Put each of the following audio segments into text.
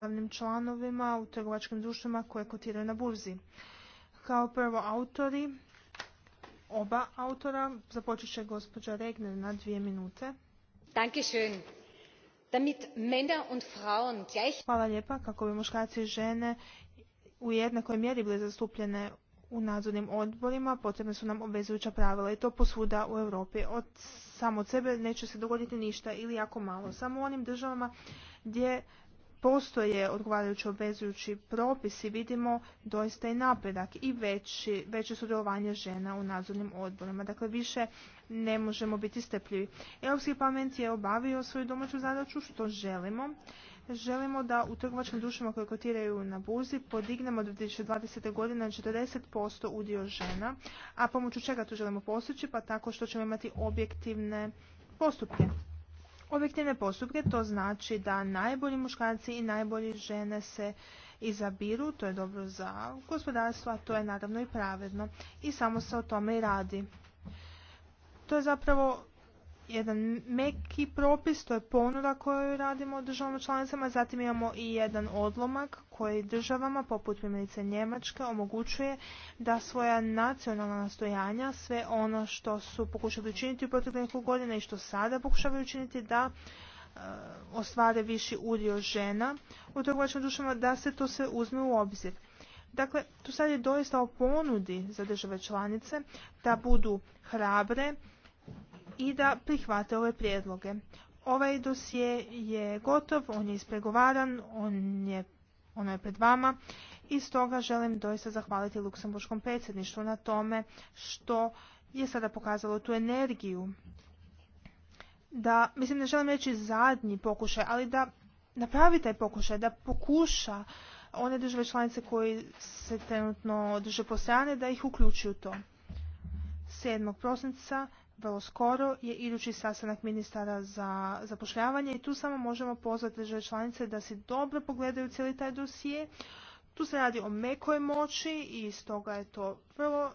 glavnim članovima u trgovačkim društvima koje kotiraju na burzi. Kao prvo autori, oba autora, započet će gospođa Regner na dvije minute. Dankeschön. Damit Männer und Frauen gleich... Hvala lijepa kako bi muškarci i žene u jednakoj mjeri bile zastupljene u nadzornim odborima potrebne su nam obvezujuća pravila i to posvuda u Europi. Od samo od sebe neće se dogoditi ništa ili jako malo. Samo u onim državama gdje postoje odgovarajući obvezujući propisi, vidimo doista i napredak i veće sudjelovanje žena u nadzornim odborima. Dakle, više ne možemo biti strpljivi. Europski parlament je obavio svoju domaću zadaću što želimo. Želimo da u trgovačkim društvima koje kotiraju na burzi podignemo do 2020. godine 40% udio žena, a pomoću čega to želimo postići? Pa tako što ćemo imati objektivne postupke objektivne postupke, to znači da najbolji muškarci i najbolji žene se izabiru, to je dobro za gospodarstvo, a to je naravno i pravedno. I samo se o tome i radi. To je zapravo jedan meki propis, to je ponuda koju radimo državama članicama, zatim imamo i jedan odlomak koji državama, poput primjerice Njemačke, omogućuje da svoja nacionalna nastojanja, sve ono što su pokušali učiniti u proteklih godina i što sada pokušavaju učiniti, da e, ostvare viši udio žena u trgovačkim društvima, da se to sve uzme u obzir. Dakle, tu sad je doista o ponudi za države članice da budu hrabre, i da prihvate ove prijedloge. Ovaj dosje je gotov, on je ispregovaran, on je, ono je pred vama i stoga želim doista zahvaliti Luksemburškom predsjedništvu na tome što je sada pokazalo tu energiju da, mislim ne želim reći zadnji pokušaj, ali da napravi taj pokušaj, da pokuša one države članice koji se trenutno drže po strane, da ih uključi u to. 7. prosinca vrlo skoro je idući sastanak ministara za zapošljavanje i tu samo možemo pozvati države članice da si dobro pogledaju cijeli taj dosije. Tu se radi o mekoj moći i stoga je to vrlo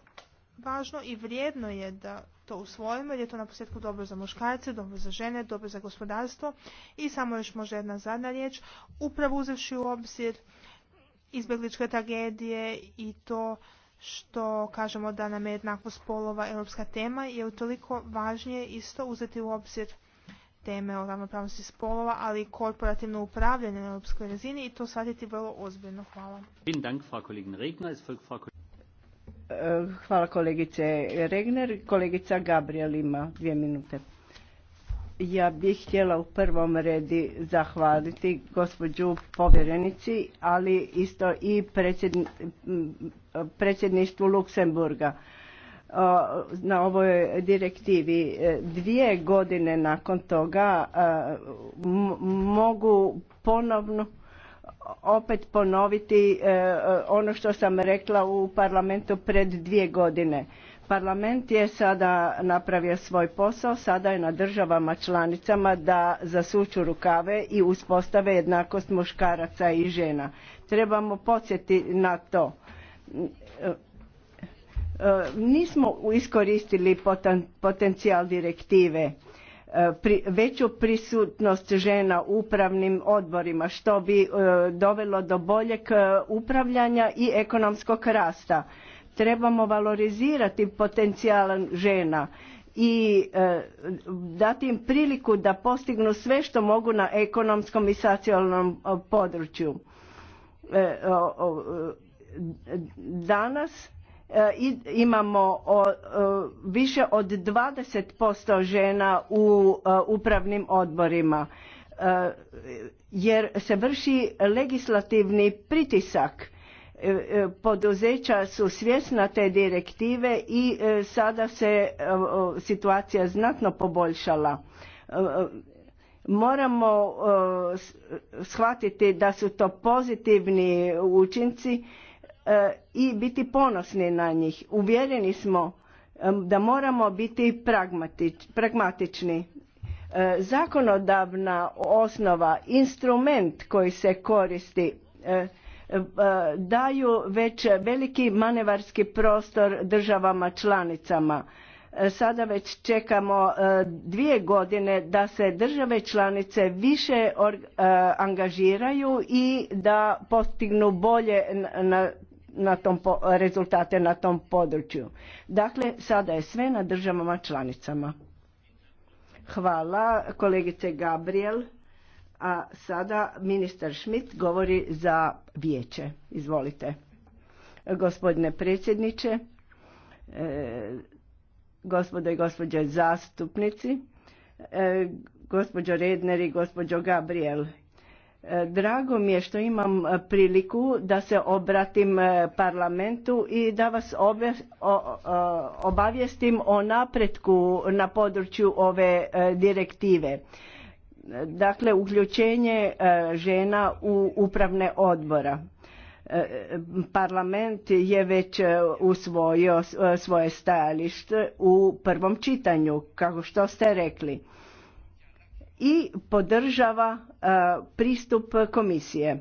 važno i vrijedno je da to usvojimo jer je to na posljedku dobro za muškarce, dobro za žene, dobro za gospodarstvo i samo još možda jedna zadnja riječ, upravo uzevši u obzir izbjegličke tragedije i to što kažemo da nam je jednakost spolova europska tema je utoliko važnije isto uzeti u obzir teme o ravnopravnosti spolova, ali i korporativno upravljanje na europskoj razini i to shvatiti vrlo ozbiljno. Hvala. Eh, hvala kolegice Regner. Kolegica Gabriel ima dvije minute. Ja bih htjela u prvom redi zahvaliti gospođu povjerenici, ali isto i predsjedništvu Luksemburga na ovoj direktivi. E, dvije godine nakon toga e, mogu ponovno opet ponoviti e, ono što sam rekla u parlamentu pred dvije godine. Parlament je sada napravio svoj posao, sada je na državama članicama da zasuču rukave i uspostave jednakost muškaraca i žena. Trebamo podsjetiti na to. Nismo iskoristili potencijal direktive, veću prisutnost žena u upravnim odborima što bi e, dovelo do boljeg e, upravljanja i ekonomskog rasta Trebamo valorizirati potencijal žena i e, dati im priliku da postignu sve što mogu na ekonomskom i socijalnom e, području. E, danas imamo više od 20% žena u upravnim odborima jer se vrši legislativni pritisak E, e, poduzeća su svjesna te direktive i e, sada se situacija znatno poboljšala. Moramo shvatiti da su to pozitivni učinci i biti ponosni na njih. Uvjereni smo da moramo biti pragmatični. Zakonodavna osnova, instrument koji se koristi daju već veliki manevarski prostor državama članicama. Sada već čekamo e, dvije godine da se države članice više e, angažiraju i da postignu bolje na, na tom, rezultate na tom području. Dakle, sada je sve na državama članicama. Hvala kolegice Gabriel. A sada ministar Schmidt govori za vijeće. Izvolite. Gospodine predsjedniče, e, gospodo i gospođe zastupnici, e, gospođo Redner i gospođo Gabriel. E, drago mi je što imam priliku da se obratim parlamentu i da vas obavijestim o napretku na području ove direktive dakle uključenje e, žena u upravne odbora. E, parlament je već e, usvojio svoje stajalište u prvom čitanju, kako što ste rekli, i podržava pristup komisije.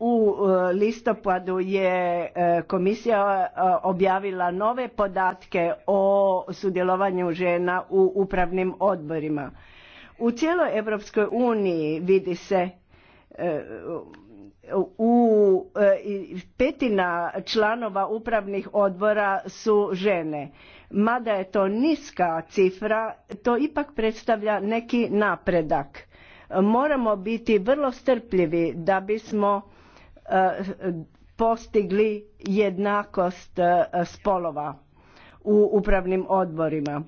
U listopadu je komisija objavila nove podatke o sudjelovanju žena u upravnim odborima u cijeloj Europskoj uniji vidi se e, u e, petina članova upravnih odbora su žene. Mada je to niska cifra, to ipak predstavlja neki napredak. Moramo biti vrlo strpljivi da bismo e, postigli jednakost spolova u upravnim odborima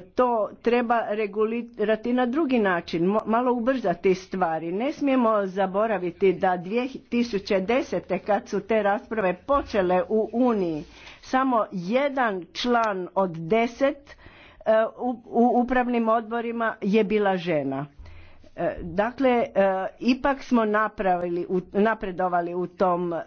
to treba regulirati na drugi način, malo ubrzati stvari. Ne smijemo zaboraviti da 2010. kad su te rasprave počele u Uniji, samo jedan član od deset e, u upravnim odborima je bila žena. E, dakle, e, ipak smo napravili, napredovali u tom e,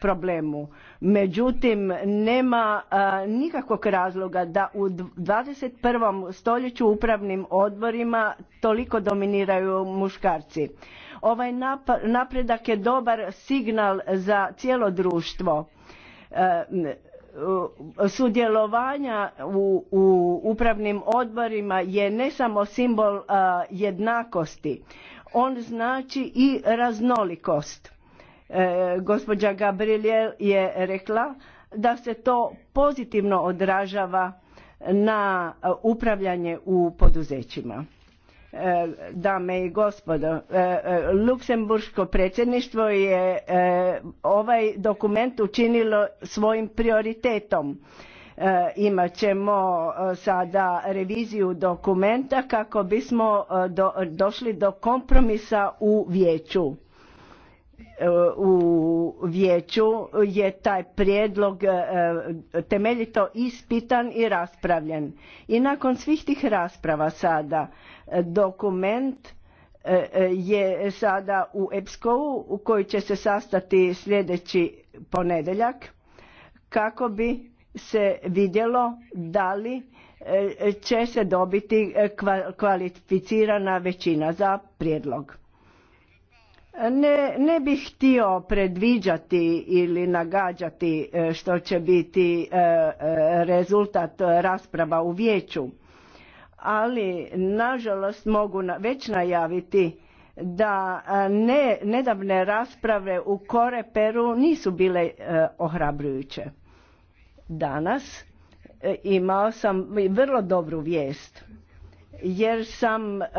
problemu. Međutim, nema nikakvog razloga da u 21. stoljeću upravnim odborima toliko dominiraju muškarci. Ovaj napredak je dobar signal za cijelo društvo E, sudjelovanja u, upravnim odborima je ne samo simbol e, jednakosti on znači i raznolikost e, gospođa Gabriel je rekla da se to pozitivno odražava na upravljanje u poduzećima E, dame i gospodo. E, e, luksemburško predsjedništvo je ovaj dokument učinilo svojim prioritetom. Imat ćemo sada reviziju dokumenta kako bismo došli do kompromisa u vijeću E, u vijeću je taj prijedlog e, temeljito ispitan i raspravljen. I nakon svih tih rasprava sada e, dokument je sada u EPSCO-u u koji će se sastati sljedeći ponedjeljak kako bi se vidjelo da li će se dobiti kvalificirana većina za prijedlog. Ne, bih htio predviđati ili nagađati e, što će biti e, e, rezultat rasprava u vijeću, ali nažalost mogu već najaviti da nedavne rasprave u Kore-Peru nisu bile ohrabrujuće. Danas imao sam vrlo dobru vijest jer sam e, e,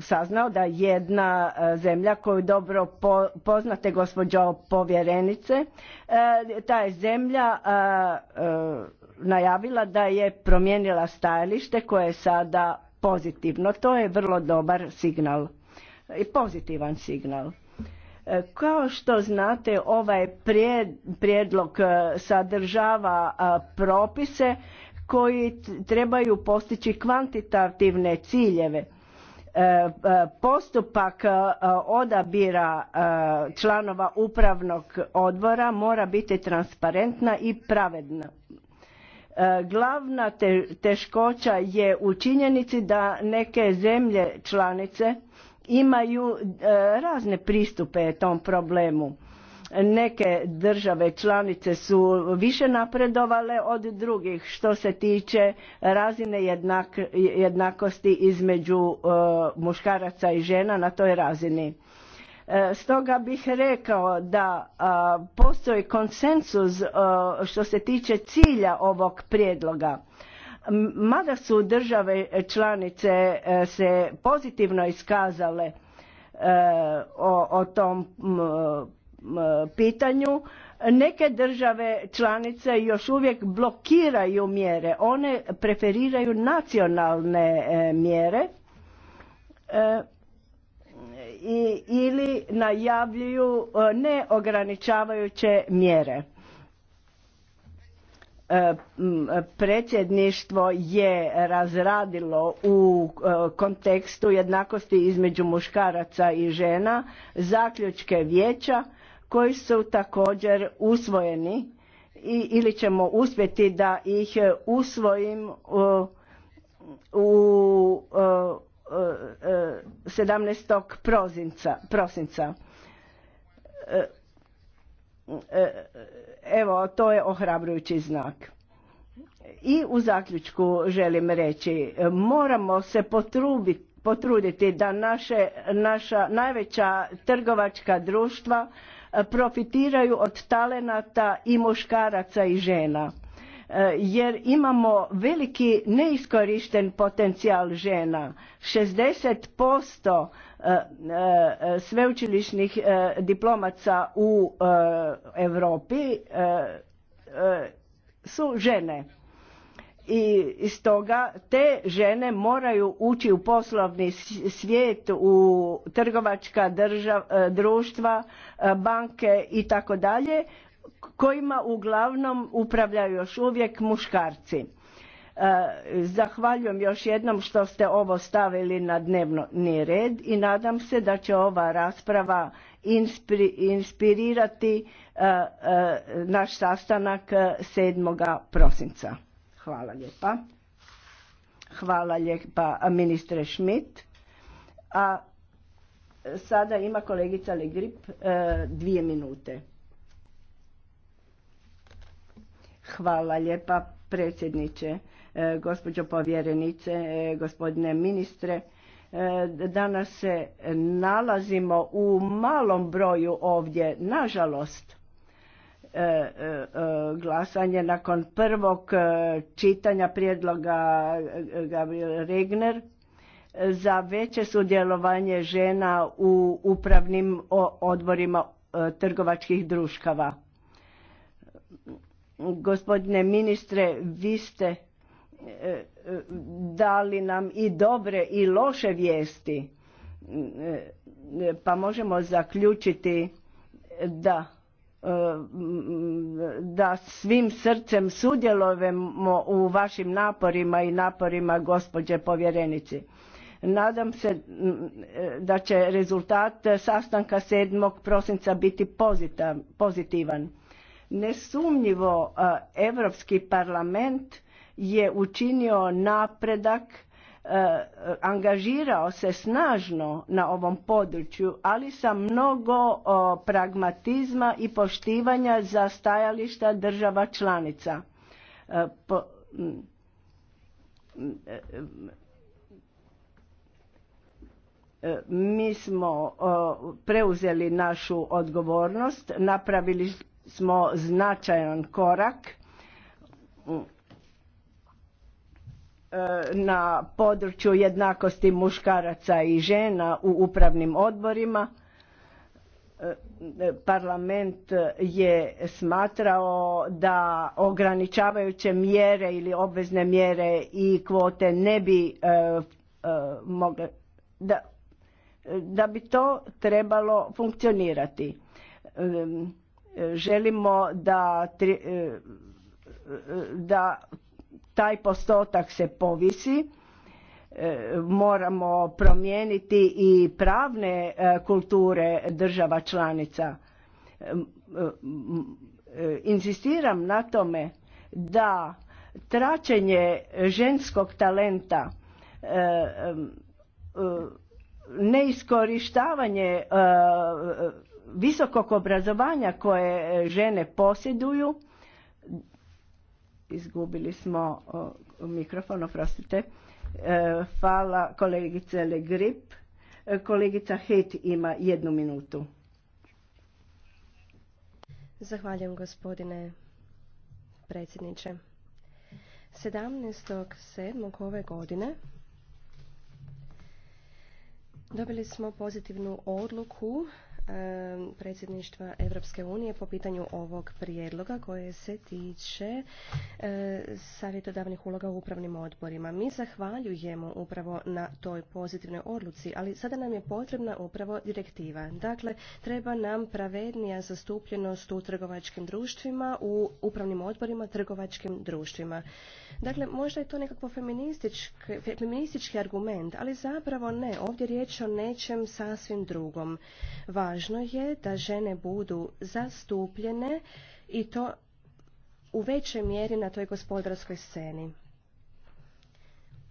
saznao da jedna e, zemlja koju dobro poznate gospođo povjerenice, ta je zemlja najavila da je promijenila stajalište koje je sada pozitivno. To je vrlo dobar signal i pozitivan signal. Kao što znate, ovaj prijedlog sadržava propise koji trebaju postići kvantitativne ciljeve e, e, postupak e, odabira članova upravnog odbora mora biti transparentna i pravedna glavna teškoća je u činjenici da neke zemlje članice imaju razne pristupe tom problemu Neke države članice su više napredovale od drugih što se tiče razine jednakosti između e, muškaraca i žena na toj razini. E, stoga bih rekao da postoji konsensus e, što se tiče cilja ovog prijedloga. Mada su države članice se pozitivno iskazale o, o tom E, pitanju neke države članice još uvijek blokiraju mjere one preferiraju nacionalne e, mjere e, i, ili najavljuju neograničavajuće mjere predsjedništvo je razradilo u kontekstu jednakosti između muškaraca i žena zaključke vijeća koji su također usvojeni i, ili ćemo uspjeti da ih e, usvojim e, u, u e, 17. prosinca. Evo, to je ohrabrujući znak. I u zaključku želim reći, moramo se potruditi da naša najveća trgovačka društva profitiraju od talenata i muškaraca i žena e, jer imamo veliki neiskorišten potencijal žena. 60% e, e, sveučilišnih diplomaca u Europi su žene i stoga te žene moraju ući u poslovni svijet, u trgovačka e, društva, e, banke i tako dalje, kojima uglavnom upravljaju još uvijek muškarci. E, zahvaljujem još jednom što ste ovo stavili na dnevni red i nadam se da će ova rasprava inspirirati naš sastanak 7. prosinca. Hvala lijepa. Hvala lijepa ministre Schmidt. A sada ima kolegica Legrip e, dvije minute. Hvala lijepa predsjedniče, e, gospođo povjerenice, e, gospodine ministre. Danas se nalazimo u malom broju ovdje, nažalost E, e, glasanje nakon prvog e, čitanja prijedloga Gabriel Regner za veće sudjelovanje žena u upravnim odborima trgovačkih društava. Gospodine ministre, vi ste dali nam i dobre i loše vijesti, pa možemo zaključiti da da svim srcem sudjelovemo u vašim naporima i naporima gospođe povjerenici. Nadam se da će rezultat sastanka 7. prosinca biti pozitivan. Nesumnjivo Europski parlament je učinio napredak E, angažirao se snažno na ovom području, ali sa mnogo pragmatizma i poštivanja za stajališta država članica. E, e, mi smo preuzeli našu odgovornost, napravili smo značajan korak E, na području jednakosti muškaraca i žena u upravnim odborima. E, e, parlament je smatrao da ograničavajuće mjere ili obvezne mjere i kvote ne bi mogle, da, da bi to trebalo funkcionirati. Želimo da, da taj postotak se povisi e, moramo promijeniti i pravne e, kulture država članica e, insistiram na tome da traćenje ženskog talenta neiskorištavanje visokog obrazovanja koje žene posjeduju izgubili smo mikrofon, oprostite. E, hvala kolegice Le Grip. E, kolegica Het ima jednu minutu. Zahvaljujem gospodine predsjedniče. 17.7. ove godine dobili smo pozitivnu odluku predsjedništva Europske unije po pitanju ovog prijedloga koje se tiče e, savjetodavnih uloga u upravnim odborima. Mi zahvaljujemo upravo na toj pozitivnoj odluci, ali sada nam je potrebna upravo direktiva. Dakle, treba nam pravednija zastupljenost u trgovačkim društvima, u upravnim odborima, trgovačkim društvima. Dakle, možda je to nekako feministički, feministički argument, ali zapravo ne. Ovdje je riječ o nečem sasvim drugom. Važno važno je da žene budu zastupljene i to u većoj mjeri na toj gospodarskoj sceni.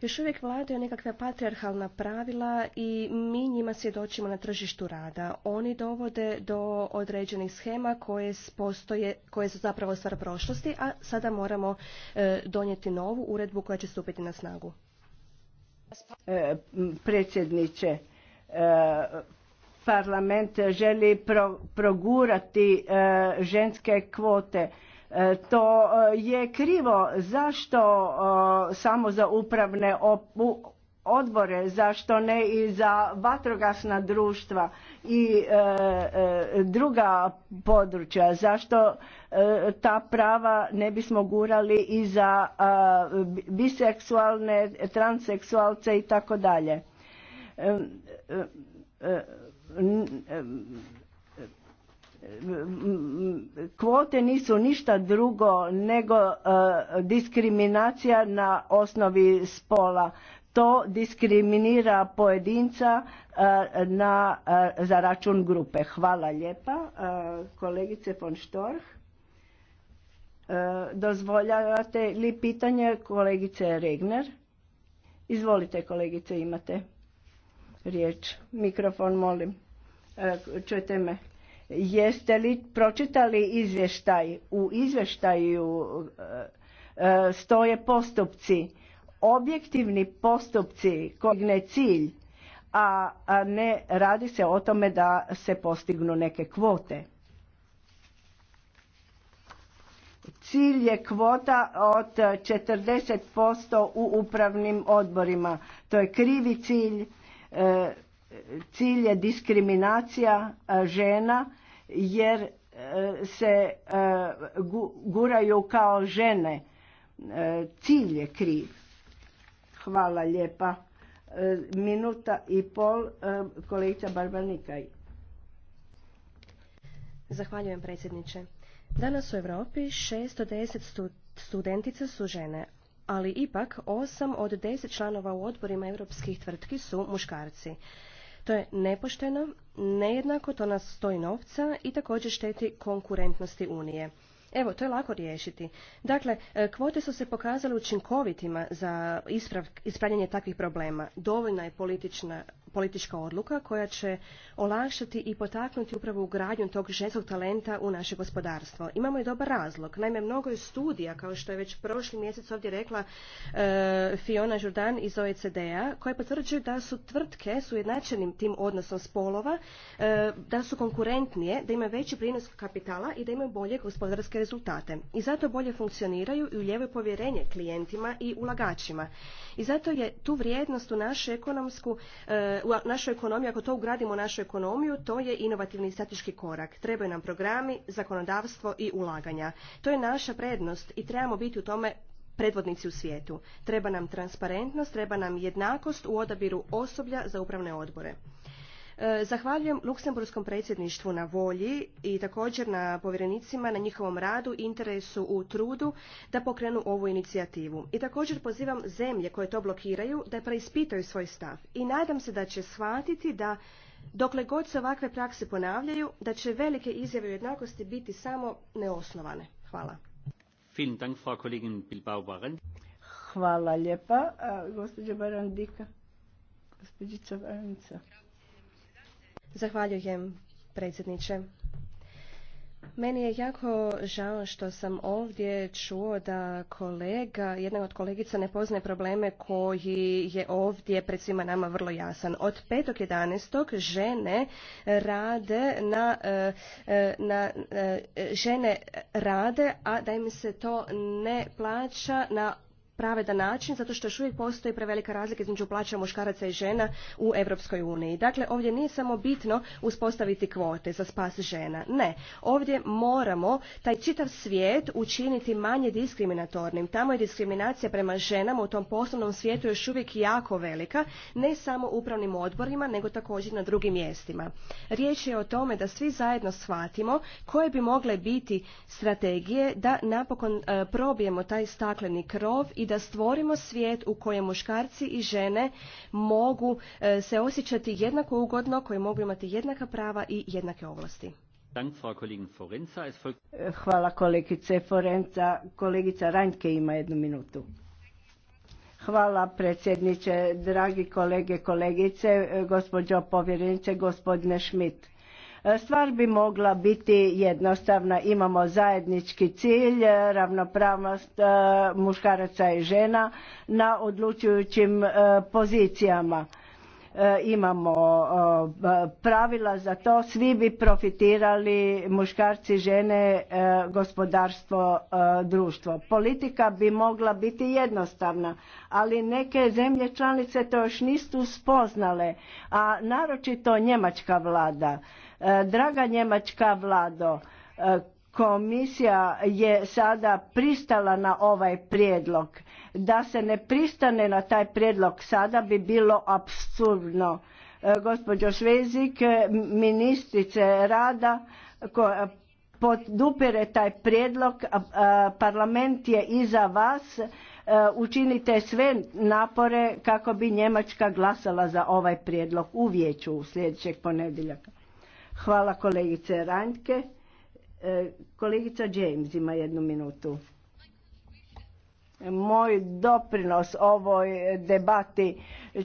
Još uvijek vladaju nekakve patriarhalna pravila i mi njima svjedočimo na tržištu rada. Oni dovode do određenih schema koje, postoje, koje su zapravo stvar prošlosti, a sada moramo e, donijeti novu uredbu koja će stupiti na snagu. E, predsjedniče, e, parlament želi progurati e, ženske kvote e, to e, je krivo zašto samo za upravne odbore zašto ne i za vatrogasna društva i druga područja zašto ta prava ne bismo gurali i za biseksualne transseksualce i tako dalje kvote nisu ništa drugo nego e, diskriminacija na osnovi spola to diskriminira pojedinca e, na, e, za račun grupe. Hvala lijepa, kolegice von Storch. Dozvoljavate li pitanje kolegice Regner? Izvolite kolegice, imate riječ. Mikrofon molim. E, Čujete me. Jeste li pročitali izvještaj? U izvještaju e, e, stoje postupci, objektivni postupci koji ne cilj, a ne radi se o tome da se postignu neke kvote. Cilj je kvota od 40% u upravnim odborima. To je krivi cilj Cilj je diskriminacija e, žena jer e, se e, guraju kao žene. Cilj je kriv. Hvala lijepa. Minuta i pol, kolegica Barbanika. Zahvaljujem predsjedniče. Danas u Europi 610 studentica su žene, ali ipak osam od deset članova u odborima europskih tvrtki su muškarci. To je nepošteno, nejednako to nas stoji novca i također šteti konkurentnosti Unije. Evo, to je lako riješiti. Dakle, e, kvote su se pokazale učinkovitima za ispravljanje takvih problema. Dovoljna je politična politička odluka koja će olakšati i potaknuti upravo ugradnju tog ženskog talenta u naše gospodarstvo. Imamo i dobar razlog. Naime, mnogo je studija, kao što je već prošli mjesec ovdje rekla e, Fiona Jordan iz OECD-a, koje potvrđuju da su tvrtke su ujednačenim tim odnosom spolova, e, da su konkurentnije, da imaju veći prinos kapitala i da imaju bolje gospodarske rezultate. I zato bolje funkcioniraju i uljevaju povjerenje klijentima i ulagačima. I zato je tu vrijednost u našu ekonomsku e, u našoj ekonomiji, ako to ugradimo u našu ekonomiju, to je inovativni strateški korak. Trebaju nam programi, zakonodavstvo i ulaganja. To je naša prednost i trebamo biti u tome predvodnici u svijetu. Treba nam transparentnost, treba nam jednakost u odabiru osoblja za upravne odbore. E, zahvaljujem Luksemburskom predsjedništvu na volji i također na povjerenicima na njihovom radu, interesu u trudu da pokrenu ovu inicijativu. I također pozivam zemlje koje to blokiraju da preispitaju svoj stav i nadam se da će shvatiti da dokle god se ovakve prakse ponavljaju da će velike izjave o jednakosti biti samo neosnovane. Hvala. Hvala lijepa. Zahvaljujem, predsjedniče. Meni je jako žao što sam ovdje čuo da kolega, jedna od kolegica ne poznaje probleme koji je ovdje pred svima nama vrlo jasan. Od 5.11. žene rade na, e, e, na, e, žene rade, a da im se to ne plaća na pravedan način zato što još uvijek postoji prevelika razlika između plaća muškaraca i žena u Europskoj uniji. Dakle, ovdje nije samo bitno uspostaviti kvote za spas žena. Ne, ovdje moramo taj čitav svijet učiniti manje diskriminatornim. Tamo je diskriminacija prema ženama u tom poslovnom svijetu još uvijek jako velika, ne samo u upravnim odborima, nego također na drugim mjestima. Riječ je o tome da svi zajedno shvatimo koje bi mogle biti strategije da napokon e, probijemo taj stakleni krov i da stvorimo svijet u kojem muškarci i žene mogu e, se osjećati jednako ugodno, koji mogu imati jednaka prava i jednake ovlasti. E, hvala kolegice Forenca. Kolegica Ranjke ima jednu minutu. Hvala predsjedniče, dragi kolege, kolegice, e, gospođo povjerenice, gospodine Schmidt E, stvar bi mogla biti jednostavna, imamo zajednički cilj, e, ravnopravnost e, muškaraca i žena na odlučujućim pozicijama. Imamo pravila za to, svi bi profitirali muškarci, žene, gospodarstvo, društvo. Politika bi mogla biti jednostavna, ali neke zemlje članice to još nisu spoznale, a naročito njemačka vlada E, draga njemačka vlado, e, komisija je sada pristala na ovaj prijedlog. Da se ne pristane na taj prijedlog sada bi bilo apsurdno. E, gospođo Švezik, ministrice rada koja podupire taj prijedlog, parlament je iza vas, učinite sve napore kako bi Njemačka glasala za ovaj prijedlog u vijeću sljedećeg ponedjeljaka. Hvala kolegice Ranjke. E, kolegica James ima jednu minutu. Moj doprinos ovoj debati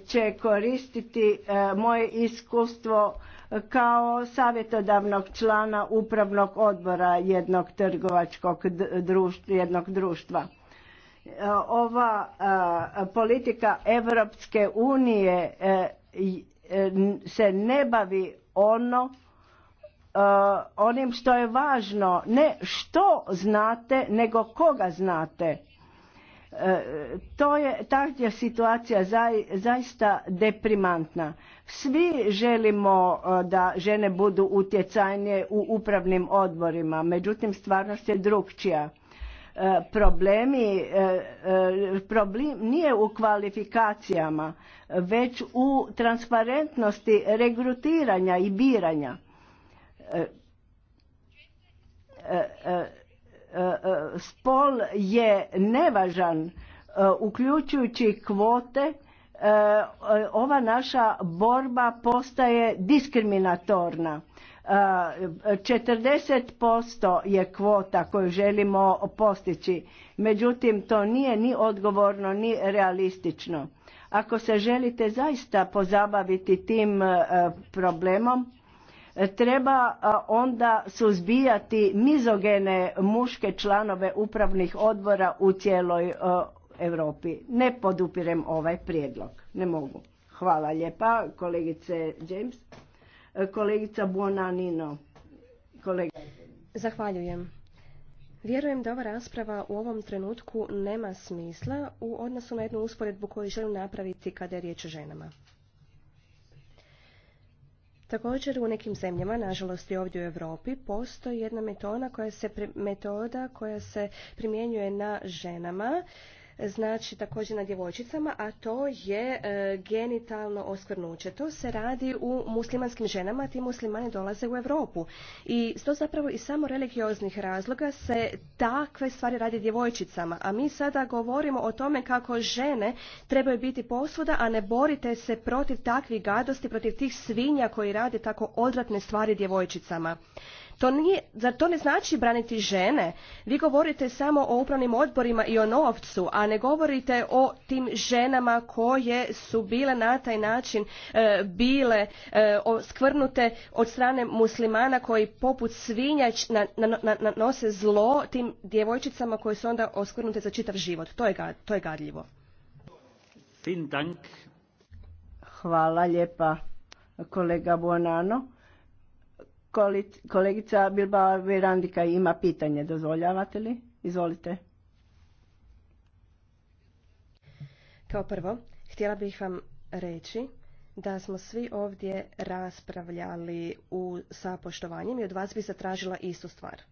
će koristiti e, moje iskustvo kao savjetodavnog člana upravnog odbora jednog trgovačkog društva, jednog društva. E, ova politika Europske unije se ne bavi ono E, onim što je važno, ne što znate, nego koga znate. E, to je, ta je situacija zaista deprimantna. Svi želimo e, da žene budu utjecajnije u upravnim odborima, međutim stvarnost je drugčija. Problemi, problem nije u kvalifikacijama, već u transparentnosti regrutiranja i biranja spol je nevažan e, uključujući kvote e, ova naša borba postaje diskriminatorna. 40% e, je kvota koju želimo postići, međutim to nije ni odgovorno ni realistično. Ako se želite zaista pozabaviti tim problemom, Treba onda suzbijati mizogene muške članove upravnih odbora u cijeloj Europi. Ne podupirem ovaj prijedlog. Ne mogu. Hvala lijepa, kolegice James. Kolegica Buonanino. Zahvaljujem. Vjerujem da ova rasprava u ovom trenutku nema smisla u odnosu na jednu usporedbu koju želim napraviti kada je riječ o ženama. Također u nekim zemljama, nažalost i ovdje u Europi, postoji jedna metoda koja se, metoda koja se primjenjuje na ženama znači također na djevojčicama, a to je e, genitalno oskvrnuće. To se radi u muslimanskim ženama, ti muslimani dolaze u Europu. I to zapravo iz samo religioznih razloga se takve stvari radi djevojčicama. A mi sada govorimo o tome kako žene trebaju biti posvuda, a ne borite se protiv takvih gadosti, protiv tih svinja koji rade tako odratne stvari djevojčicama. To nije, zar to ne znači braniti žene? Vi govorite samo o upravnim odborima i o novcu, a ne govorite o tim ženama koje su bile na taj način e, bile e, skvrnute od strane muslimana koji poput svinjač na, nose zlo tim djevojčicama koje su onda oskvrnute za čitav život. To je, to gadljivo. Hvala lijepa kolega Buonano. Kolegica Bilba Verandika ima pitanje, dozvoljavate li? Izvolite. Kao prvo, htjela bih vam reći da smo svi ovdje raspravljali u, sa poštovanjem i od vas bi zatražila istu stvar.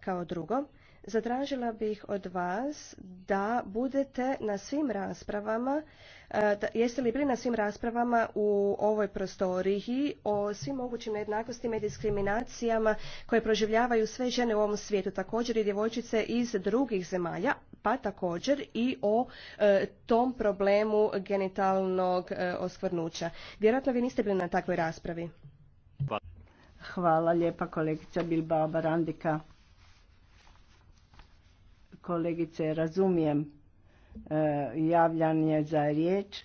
Kao drugo, Zatražila bih od vas da budete na svim raspravama, e, jeste li bili na svim raspravama u ovoj prostoriji o svim mogućim nejednakostima i diskriminacijama koje proživljavaju sve žene u ovom svijetu, također i djevojčice iz drugih zemalja, pa također i o e, tom problemu genitalnog e, oskvrnuća. Vjerojatno vi niste bili na takvoj raspravi. Hvala lijepa kolegica Bilbao Barandika kolegice, razumijem e, javljanje za riječ,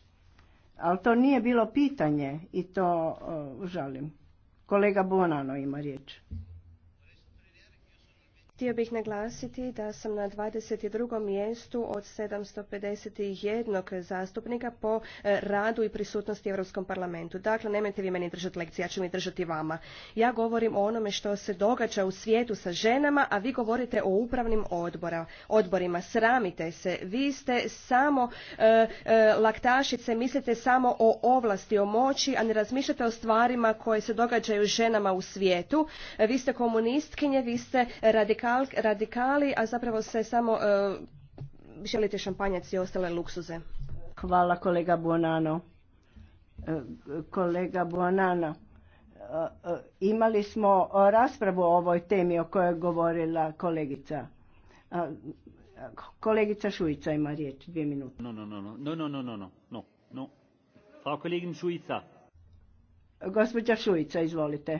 ali to nije bilo pitanje i to e, žalim. Kolega Bonano ima riječ. Htio bih naglasiti da sam na 22. mjestu od 751 zastupnika po e, radu i prisutnosti u Europskom parlamentu. Dakle, nemojte vi meni držati lekcije, ja ću mi držati vama. Ja govorim o onome što se događa u svijetu sa ženama, a vi govorite o upravnim odbora, odborima. Sramite se, vi ste samo e, e, laktašice, mislite samo o ovlasti, o moći, a ne razmišljate o stvarima koje se događaju ženama u svijetu. vi ste komunistkinje, vi ste radikalni radikal, radikali, a zapravo se samo više želite šampanjac i ostale luksuze. Hvala kolega Buonano. E, kolega Buonano, e, e, imali smo raspravu o ovoj temi o kojoj je govorila kolegica. Kolegica Šujica ima riječ, dvije minute. No, no, no, no, no, no, no, no, no, no. Šujica. Gospođa Šujica, izvolite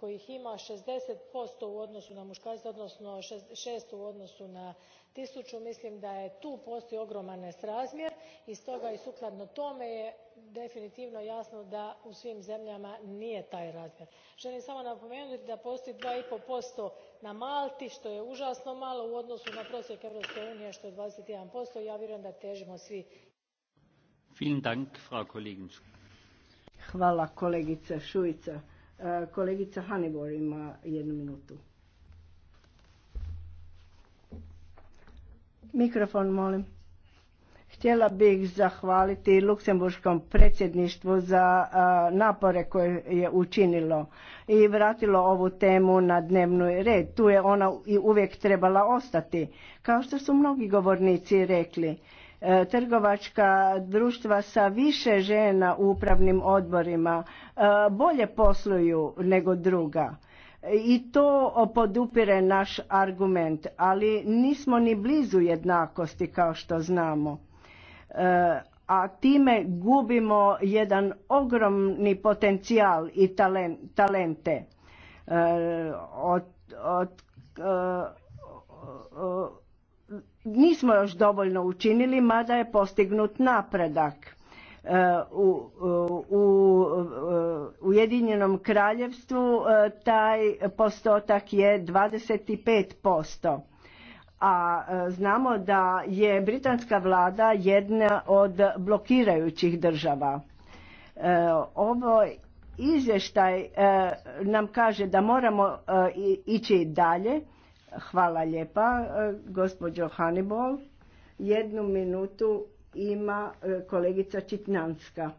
kojih ima sixty u odnosu na mukarce odnosno six u odnosu na tisuu mislim da tu postoji ogroman nesrazmjer i stoga i sukladno tome je definitivno jasno da u svim zemljama nije taj razmjer. Želim samo napomenuti da postoji two five na malti to je uasno malo u odnosu na prosjek europske unije to je twenty one i ja vjerujem da težimo svi Eh, kolegica Hanibor ima jednu minutu. Mikrofon, molim. Htjela bih zahvaliti Luksemburškom predsjedništvu za eh, napore koje je učinilo i vratilo ovu temu na dnevnu red. Tu je ona i uvijek trebala ostati. Kao što su mnogi govornici rekli, E, trgovačka društva sa više žena u upravnim odborima e, bolje posluju nego druga. I to podupire naš argument, ali nismo ni blizu jednakosti kao što znamo. E, a time gubimo jedan ogromni potencijal i talente. Od, od nismo još dovoljno učinili, mada je postignut napredak. E, u, Ujedinjenom kraljevstvu e, taj postotak je 25%. A e, znamo da je britanska vlada jedna od blokirajućih država. Ovo izvještaj nam kaže da moramo ići dalje Hvala lijepa, e, gospođo Hannibal. Jednu minutu ima e, kolegica Čitnanska.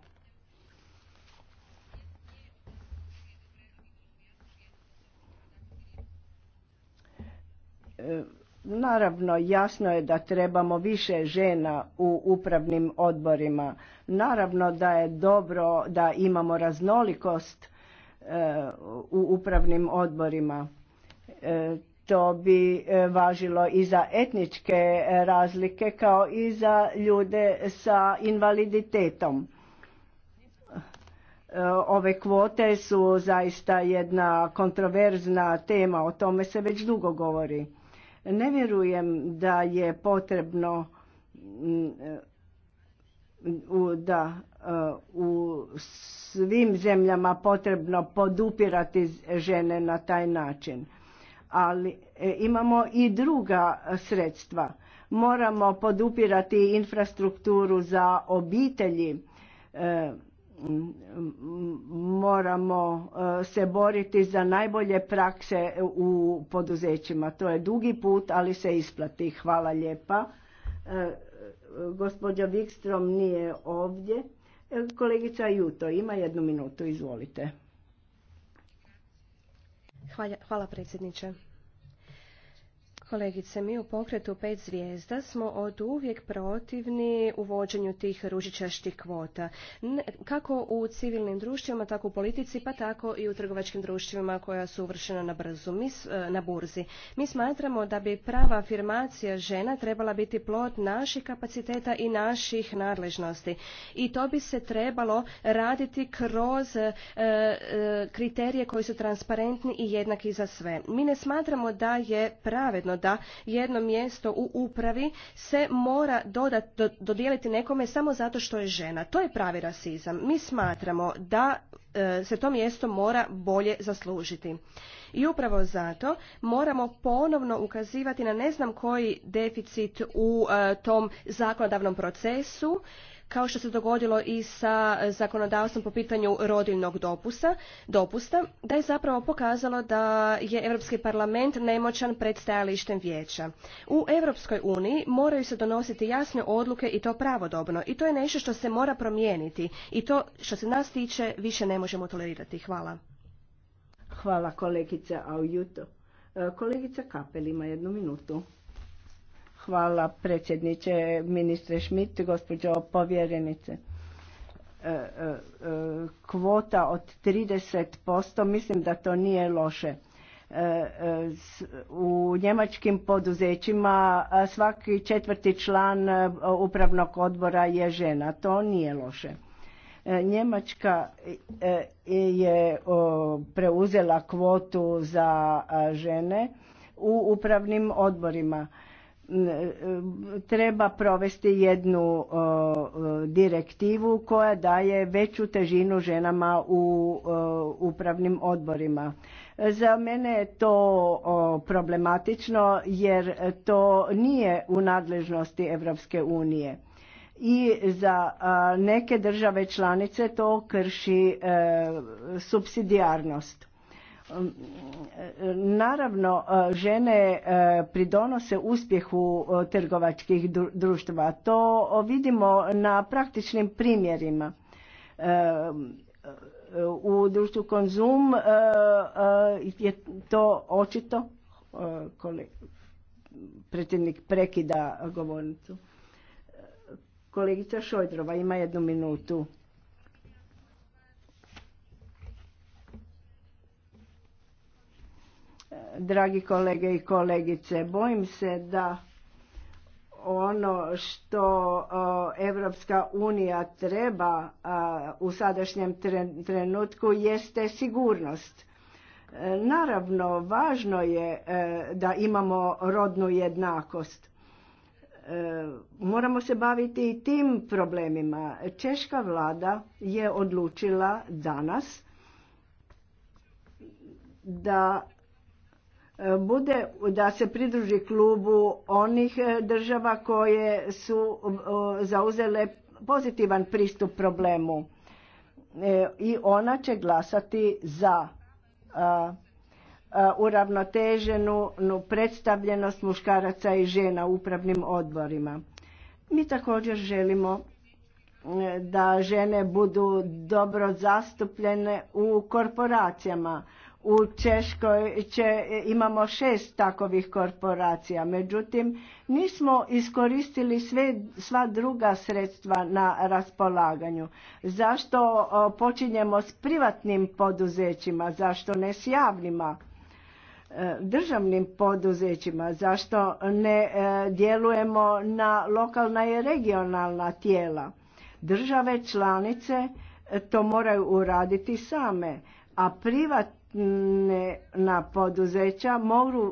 E, naravno, jasno je da trebamo više žena u upravnim odborima. Naravno da je dobro da imamo raznolikost u upravnim odborima to bi e, važilo i za etničke e, razlike kao i za ljude sa invaliditetom. E, ove kvote su zaista jedna kontroverzna tema, o tome se već dugo govori. Ne vjerujem da je potrebno mm, da u svim zemljama potrebno podupirati žene na taj način ali e, imamo i druga sredstva. Moramo podupirati infrastrukturu za obitelji, e, moramo e, se boriti za najbolje prakse u poduzećima. To je dugi put, ali se isplati. Hvala lijepa. Gospodja Wikstrom nije ovdje. Kolegica Juto ima jednu minutu, izvolite. Hvala, predsjedniče. Kolegice, mi u pokretu pet zvijezda smo od uvijek protivni uvođenju tih ružičaštih kvota. Kako u civilnim društvima, tako u politici, pa tako i u trgovačkim društvima koja su uvršena na, brzu, e, na burzi. Mi smatramo da bi prava afirmacija žena trebala biti plod naših kapaciteta i naših nadležnosti. I to bi se trebalo raditi kroz e, e, kriterije koji su transparentni i jednaki za sve. Mi ne smatramo da je pravedno da jedno mjesto u upravi se mora dodat, dodijeliti nekome samo zato što je žena. To je pravi rasizam. Mi smatramo da e, se to mjesto mora bolje zaslužiti. I upravo zato moramo ponovno ukazivati na ne znam koji deficit u e, tom zakonodavnom procesu kao što se dogodilo i sa zakonodavstvom po pitanju rodiljnog dopusta, dopusta da je zapravo pokazalo da je Europski parlament nemoćan pred stajalištem vijeća. U Europskoj uniji moraju se donositi jasne odluke i to pravodobno i to je nešto što se mora promijeniti i to što se nas tiče više ne možemo tolerirati. Hvala. Hvala kolegice Aujuto. E, kolegica Kapel ima jednu minutu. Hvala predsjedniče, ministre Šmit, gospođo povjerenice. E, e, kvota od 30%, mislim da to nije loše. U njemačkim poduzećima svaki četvrti član upravnog odbora je žena. To nije loše E, Njemačka e, e, je preuzela kvotu za žene u upravnim odborima. Treba provesti jednu direktivu koja daje veću težinu ženama u upravnim odborima. Za mene je to problematično jer to nije u nadležnosti Europske unije i za neke države članice to krši e, subsidijarnost. Um, naravno, e, žene e, pridonose uspjehu trgovačkih društva. To vidimo na praktičnim primjerima. U društvu Konzum je to očito, predsjednik prekida govornicu. Kolegica Šojdrova ima jednu minutu. Dragi kolege i kolegice, bojim se da ono što Evropska unija treba u sadašnjem trenutku jeste sigurnost. E, naravno, važno je e, da imamo rodnu jednakost. Moramo se baviti i tim problemima. Češka vlada je odlučila danas da e, bude da se pridruži klubu onih e, država koje su e, zauzele pozitivan pristup problemu i ona će glasati za E, uravnoteženu predstavljenost muškaraca i žena u upravnim odborima. Mi također želimo e, da žene budu dobro zastupljene u korporacijama. U Češkoj imamo šest takovih korporacija, međutim nismo iskoristili sve, sva druga sredstva na raspolaganju. Zašto počinjemo s privatnim poduzećima, zašto ne s javnima? E, državnim poduzećima, zašto ne e, djelujemo na lokalna i regionalna tijela. Države članice e, to moraju uraditi same, a privatna poduzeća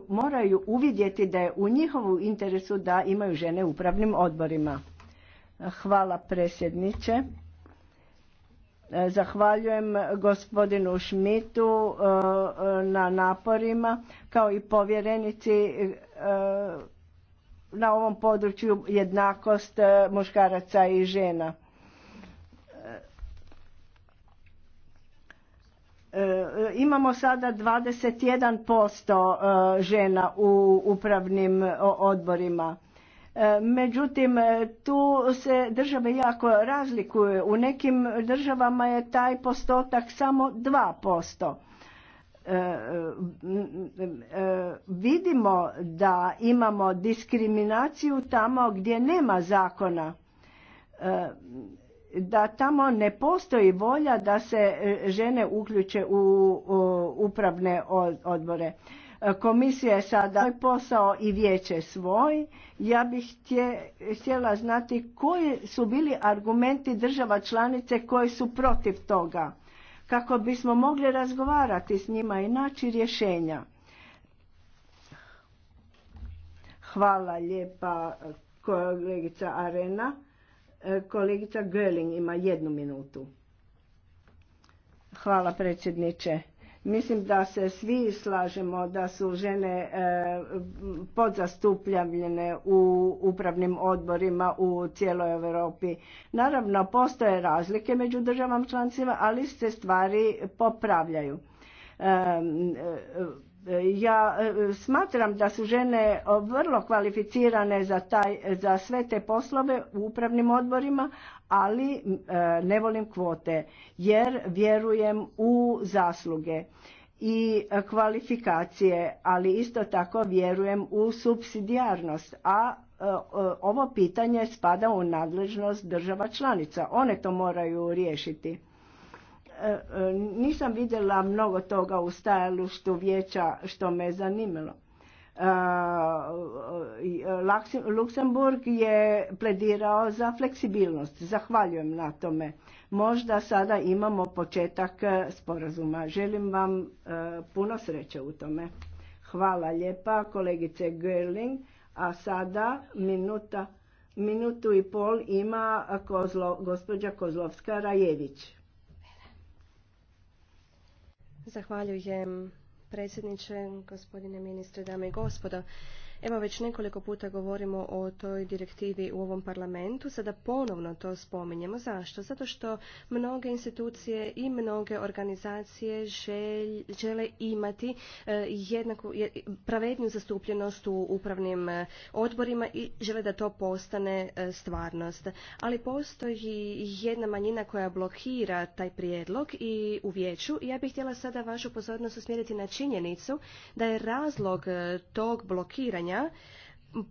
moraju uvidjeti da je u njihovu interesu da imaju žene u upravnim odborima. Hvala predsjedniče. Zahvaljujem gospodinu Šmitu e, na naporima kao i povjerenici e, na ovom području jednakost e, muškaraca i žena. Imamo sada 21% žena u upravnim odborima E, međutim, e, tu se države jako razlikuju. U nekim državama je taj postotak samo 2%. E, vidimo da imamo diskriminaciju tamo gdje nema zakona. da tamo ne postoji volja da se žene uključe u upravne odbore. E, komisija je sada svoj posao i vijeće svoj. Ja bih htjela znati koji su bili argumenti država članice koji su protiv toga. Kako bismo mogli razgovarati s njima i naći rješenja. Hvala lijepa kolegica Arena. E, kolegica Göling ima jednu minutu. Hvala predsjedniče. Mislim da se svi slažemo da su žene e, podzastupljavljene u upravnim odborima u cijeloj Europi. Naravno, postoje razlike među državama članicama, ali se stvari popravljaju. E, e, ja smatram da su žene vrlo kvalificirane za, taj, za sve te poslove u upravnim odborima, ali e, ne volim kvote jer vjerujem u zasluge i kvalifikacije, ali isto tako vjerujem u subsidijarnost, a e, ovo pitanje spada u nadležnost država članica. One to moraju riješiti. E, nisam vidjela mnogo toga u stajalištu vijeća što me zanimalo. Luksemburg je pledirao za fleksibilnost. Zahvaljujem na tome. Možda sada imamo početak e, sporazuma. Želim vam e, puno sreće u tome. Hvala lijepa kolegice Gerling. A sada minuta, minutu i pol ima Kozlo, gospođa Kozlovska Rajević. Zahvaljujem predsjedniče, gospodine ministre, dame i gospodo. Evo već nekoliko puta govorimo o toj direktivi u ovom parlamentu, sada ponovno to spominjemo. Zašto? Zato što mnoge institucije i mnoge organizacije žele imati e, jednaku, zastupljenost u upravnim e, odborima i žele da to postane e, stvarnost. Ali postoji jedna manjina koja blokira taj prijedlog i u vijeću. Ja bih htjela sada vašu pozornost usmjeriti na činjenicu da je razlog tog blokiranja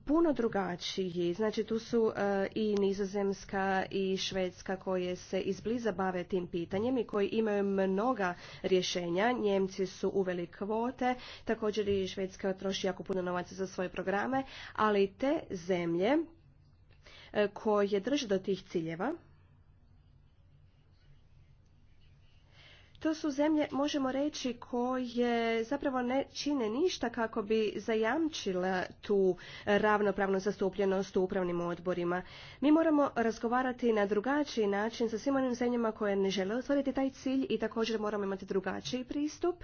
puno drugačiji. Znači tu su e, i Nizozemska i Švedska koje se izbliza bave tim pitanjem i koji imaju mnoga rješenja. Njemci su uveli kvote, također i Švedska troši jako puno novaca za svoje programe, ali te zemlje e, koje drže do tih ciljeva To su zemlje, možemo reći, koje zapravo ne čine ništa kako bi zajamčila tu ravnopravnu zastupljenost u upravnim odborima. Mi moramo razgovarati na drugačiji način sa svim onim zemljama koje ne žele ostvariti taj cilj i također moramo imati drugačiji pristup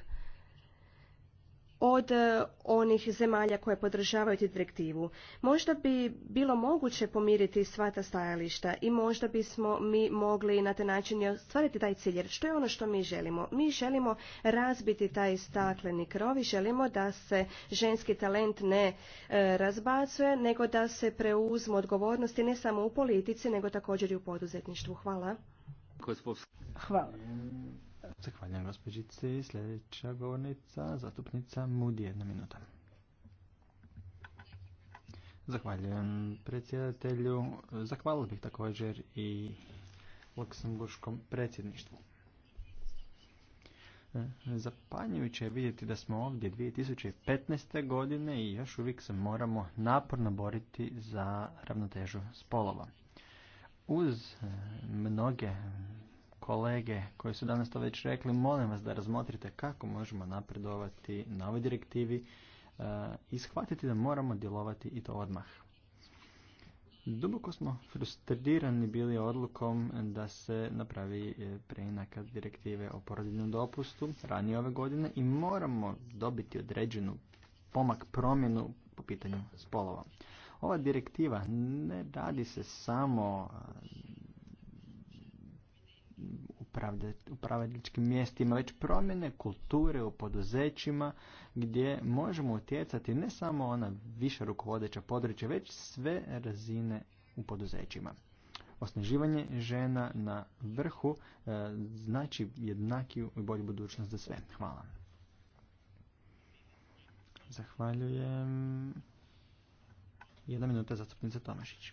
od e, onih zemalja koje podržavaju tu direktivu. Možda bi bilo moguće pomiriti sva ta stajališta i možda bismo mi mogli na taj način ostvariti taj cilj. Jer što je ono što mi želimo? Mi želimo razbiti taj stakleni krov i želimo da se ženski talent ne e, razbacuje, nego da se preuzmu odgovornosti ne samo u politici, nego također i u poduzetništvu. Hvala. Hvala. Zahvaljujem gospođice i sljedeća govornica, zastupnica Mudi, jedna minuta. Zahvaljujem predsjedatelju. Zahvalio bih također i Luksemburškom predsjedništvu. E, zapanjujuće je vidjeti da smo ovdje 2015. godine i još uvijek se moramo naporno boriti za ravnotežu spolova. Uz e, mnoge kolege koji su danas to već rekli, molim vas da razmotrite kako možemo napredovati na ovoj direktivi e, i shvatiti da moramo djelovati i to odmah. Duboko smo frustrirani bili odlukom da se napravi e, preinaka direktive o porodiljnom dopustu ranije ove godine i moramo dobiti određenu pomak promjenu po pitanju spolova. Ova direktiva ne radi se samo upravljačkim mjestima, već promjene kulture u poduzećima gdje možemo utjecati ne samo ona više rukovodeća područja, već sve razine u poduzećima. Osnaživanje žena na vrhu e, znači jednakiju i bolju budućnost za sve. Hvala. Zahvaljujem. Jedna minuta zastupnica Tomašić.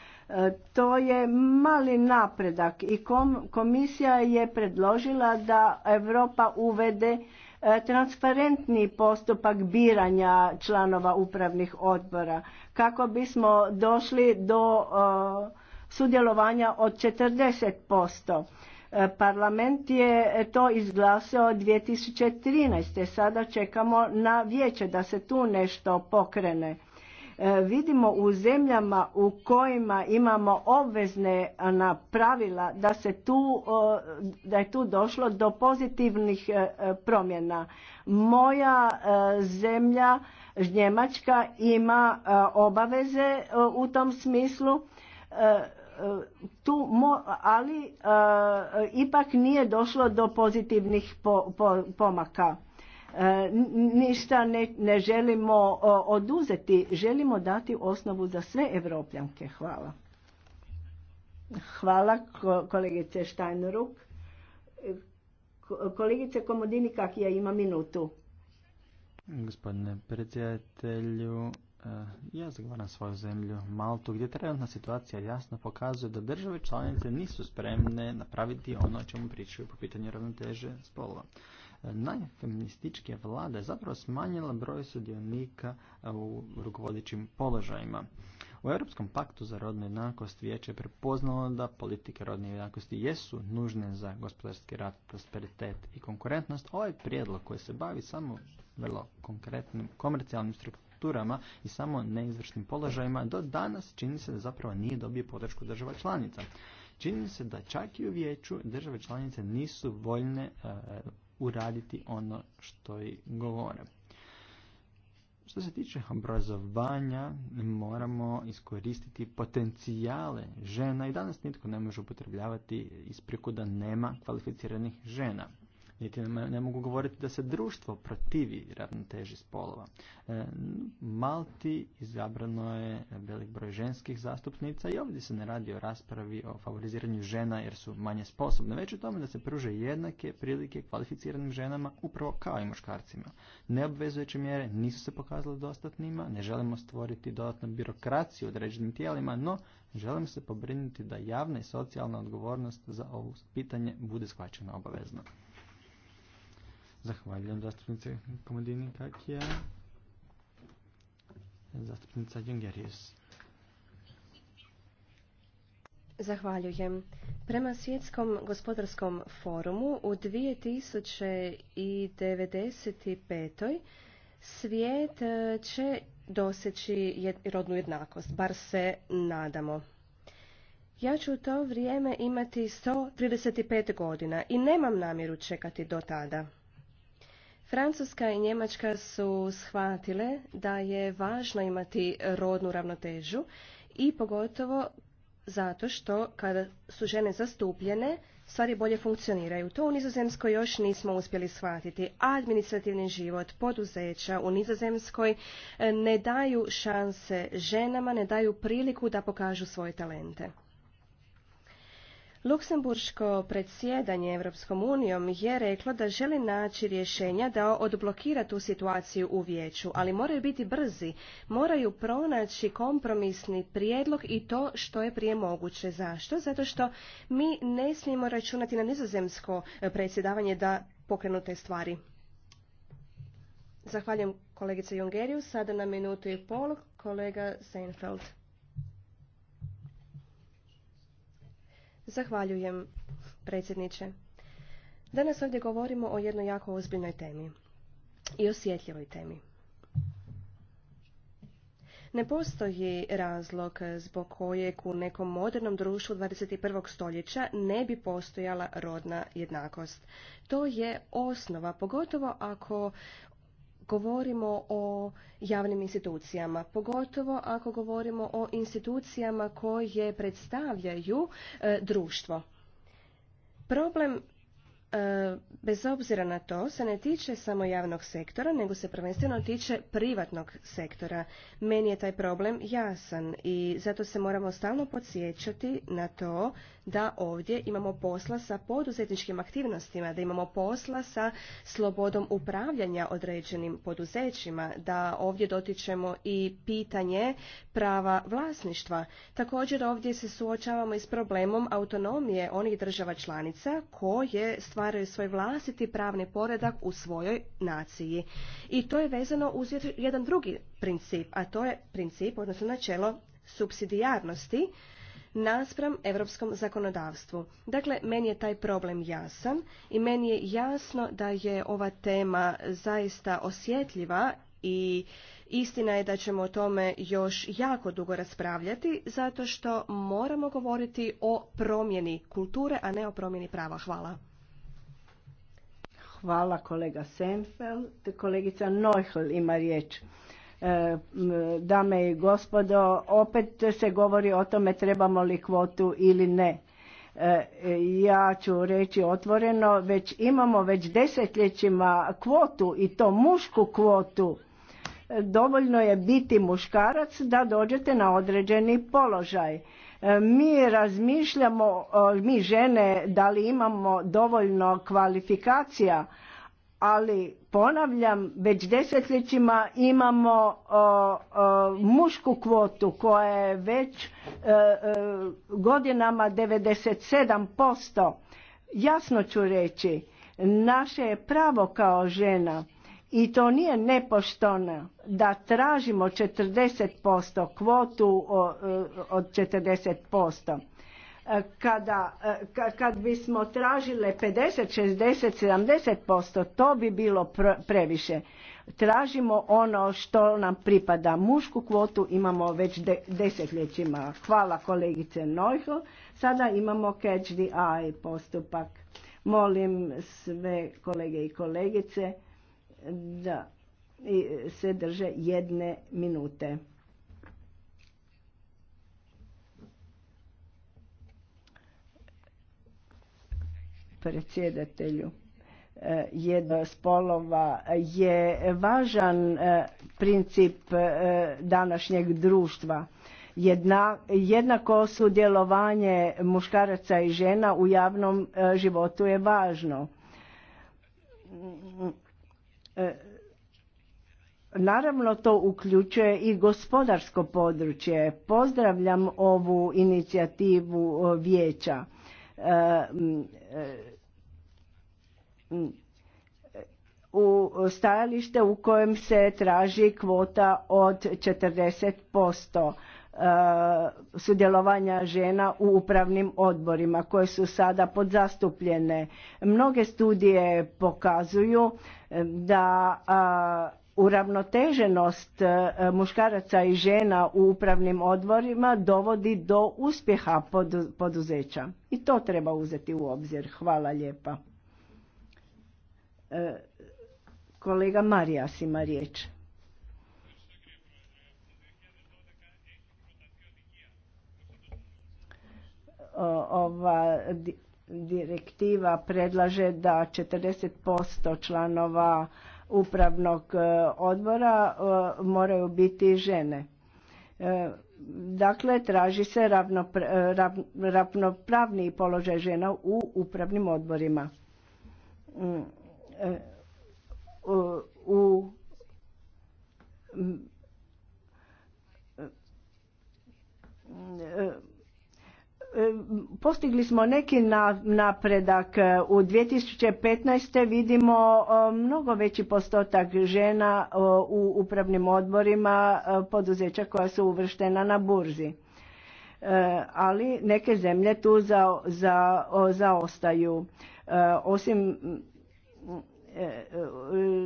E, to je mali napredak i komisija je predložila da Europa uvede e, transparentni postupak biranja članova upravnih odbora kako bismo došli do e, sudjelovanja od 40%. Parlament je to izglasao 2013. Sada čekamo na vijeće da se tu nešto pokrene. E, vidimo u zemljama u kojima imamo obvezne pravila da se tu, da je tu došlo do pozitivnih e, e, promjena. Moja zemlja Njemačka ima obaveze u tom smislu tu ali ipak nije došlo do pozitivnih pomaka E, ništa ne, ne želimo oduzeti, želimo dati osnovu za sve evropljanke. Hvala. Hvala kolegice Štajnoruk. Kolegice Komodini Kakija ima minutu. Gospodine predsjedatelju, e, ja zagovaram svoju zemlju Maltu gdje trenutna situacija jasno pokazuje da države članice nisu spremne napraviti ono o čemu pričaju po pitanju ravnoteže spolova najfeminističke vlade zapravo smanjila broj sudionika e, u rukovodećim položajima. U Europskom paktu za rodnu jednakost vijeće je prepoznalo da politike rodne jednakosti jesu nužne za gospodarski rast, prosperitet i konkurentnost. Ovaj prijedlog koji se bavi samo vrlo konkretnim komercijalnim strukturama i samo neizvršnim položajima do danas čini se da zapravo nije dobio podršku država članica. Čini se da čak i u vijeću države članice nisu voljne e, uraditi ono što i govore. Što se tiče obrazovanja, moramo iskoristiti potencijale žena i danas nitko ne može upotrebljavati ispriku da nema kvalificiranih žena niti ne mogu govoriti da se društvo protivi ravnoteži spolova. E, Malti izabrano je velik broj ženskih zastupnica i ovdje se ne radi o raspravi o favoriziranju žena jer su manje sposobne, već o tome da se pruže jednake prilike kvalificiranim ženama upravo kao i muškarcima. Neobvezujuće mjere nisu se pokazale dostatnima, ne želimo stvoriti dodatnu birokraciju određenim tijelima, no želimo se pobrinuti da javna i socijalna odgovornost za ovo pitanje bude shvaćena obavezno. Zahvaljujem zastupnice Komodini Kakija. Zastupnica Zahvaljujem. Prema Svjetskom gospodarskom forumu u 2095. svijet e, će doseći rodnu jednakost, bar se nadamo. Ja ću u to vrijeme imati 135 godina i nemam namjeru čekati do tada. Francuska i Njemačka su shvatile da je važno imati rodnu ravnotežu i pogotovo zato što kada su žene zastupljene, stvari bolje funkcioniraju. To u Nizozemskoj još nismo uspjeli shvatiti. Administrativni život poduzeća u Nizozemskoj eh, ne daju šanse ženama, ne daju priliku da pokažu svoje talente. Luksemburško predsjedanje Europskom unijom je reklo da želi naći rješenja da odblokira tu situaciju u vijeću, ali moraju biti brzi, moraju pronaći kompromisni prijedlog i to što je prije moguće. Zašto? Zato što mi ne smijemo računati na nizozemsko e, predsjedavanje da pokrenu te stvari. Zahvaljujem kolegice Jungeriju. Sada na minutu i pol kolega Seinfeld. Zahvaljujem, predsjedniče. Danas ovdje govorimo o jednoj jako ozbiljnoj temi i osjetljivoj temi. Ne postoji razlog zbog kojeg u nekom modernom društvu 21. stoljeća ne bi postojala rodna jednakost. To je osnova, pogotovo ako govorimo o javnim institucijama, pogotovo ako govorimo o institucijama koje predstavljaju e, društvo. Problem e, bez obzira na to se ne tiče samo javnog sektora, nego se prvenstveno tiče privatnog sektora. Meni je taj problem jasan i zato se moramo stalno podsjećati na to da ovdje imamo posla sa poduzetničkim aktivnostima, da imamo posla sa slobodom upravljanja određenim poduzećima, da ovdje dotičemo i pitanje prava vlasništva. Također ovdje se suočavamo i s problemom autonomije onih država članica koje stvaraju svoj vlastiti pravni poredak u svojoj naciji. I to je vezano uz jedan drugi princip, a to je princip, odnosno načelo subsidijarnosti, naspram europskom zakonodavstvu. Dakle, meni je taj problem jasan i meni je jasno da je ova tema zaista osjetljiva i istina je da ćemo o tome još jako dugo raspravljati zato što moramo govoriti o promjeni kulture, a ne o promjeni prava. Hvala. Hvala kolega Senfel, Kolegica Neuhl ima riječ. Eh, dame i gospodo, opet se govori o tome trebamo li kvotu ili ne. Eh, ja ću reći otvoreno, već imamo već desetljećima kvotu i to mušku kvotu. Eh, dovoljno je biti muškarac da dođete na određeni položaj. Mi razmišljamo, mi žene, da li imamo dovoljno kvalifikacija ali ponavljam već desetljećima imamo mušku kvotu koja je već e, e, godinama 97%. Jasno ću reći, naše je pravo kao žena i to nije nepošteno da tražimo 40% kvotu e, od 40% kada, kad bismo tražile 50, 60, 70%, to bi bilo previše. Tražimo ono što nam pripada. Mušku kvotu imamo već de desetljećima. Hvala kolegice Nojho. Sada imamo catch the eye postupak. Molim sve kolege i kolegice da se drže jedne minute. predsjedatelju. E, jedno spolova je važan e, princip e, današnjeg društva. Jedna, jednako sudjelovanje muškaraca i žena u javnom životu je važno. Naravno to uključuje i gospodarsko područje. Pozdravljam ovu inicijativu vijeća u stajalište u kojem se traži kvota od 40% e, sudjelovanja žena u upravnim odborima koje su sada podzastupljene. Mnoge studije pokazuju e, da uravnoteženost e, muškaraca i žena u upravnim odborima dovodi do uspjeha poduzeća. I to treba uzeti u obzir. Hvala lijepa. E, kolega Marijas ima riječ. Ova direktiva predlaže da 40% članova upravnog e, odbora e, moraju biti žene. E, dakle, traži se ravnopravni položaj žena u upravnim odborima. Mm, u postigli smo neki napredak. U 2015. vidimo mnogo veći postotak žena u upravnim odborima poduzeća koja su uvrštena na burzi. E, ali neke zemlje tu zaostaju. E, osim e,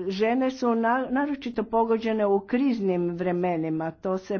žene su naročito pogođene u kriznim vremenima. To se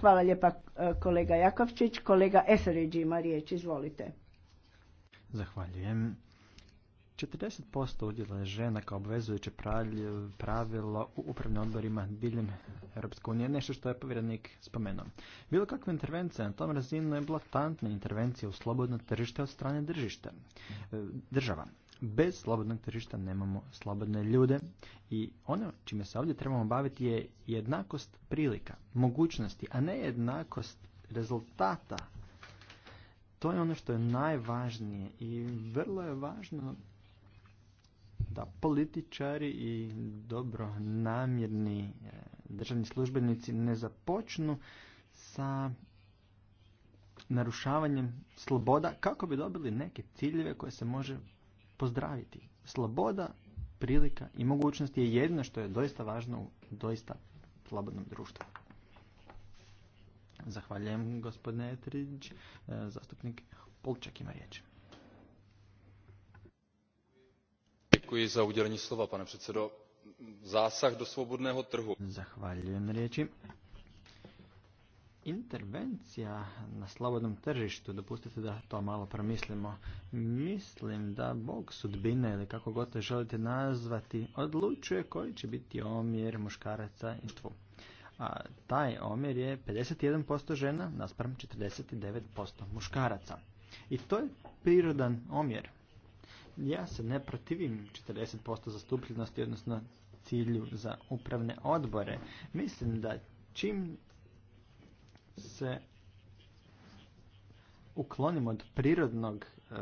Hvala lijepa e, kolega Jakovčić. Kolega Eserić ima riječ, izvolite. Zahvaljujem. 40% udjela žena kao obvezujuće pravilo u upravnim odborima diljem Europske unije, nešto što je povjerenik spomenuo. Bilo kakva intervencija na tom razinu je blatantna intervencija u slobodno tržište od strane držišta, e, država. Bez slobodnog tržišta nemamo slobodne ljude i ono čime se ovdje trebamo baviti je jednakost prilika, mogućnosti, a ne jednakost rezultata. To je ono što je najvažnije i vrlo je važno da političari i dobro namjerni e, državni službenici ne započnu sa narušavanjem sloboda kako bi dobili neke ciljeve koje se može pozdraviti. Sloboda, prilika i mogućnost je jedno što je doista važno u doista slobodnom društvu. Zahvaljujem gospodine Etrić. E, zastupnik Polčak ima riječ. Děkuji za udělení slova, pane předsedo. zasah do svobodného trhu. Zahvaljujem riječi intervencija na slobodnom tržištu, dopustite da to malo promislimo, mislim da bog sudbine ili kako god to želite nazvati odlučuje koji će biti omjer muškaraca i tvu. A taj omjer je 51% žena naspram 49% muškaraca. I to je prirodan omjer. Ja se ne protivim 40% zastupljenosti, odnosno cilju za upravne odbore. Mislim da čim se uklonimo od prirodnog e,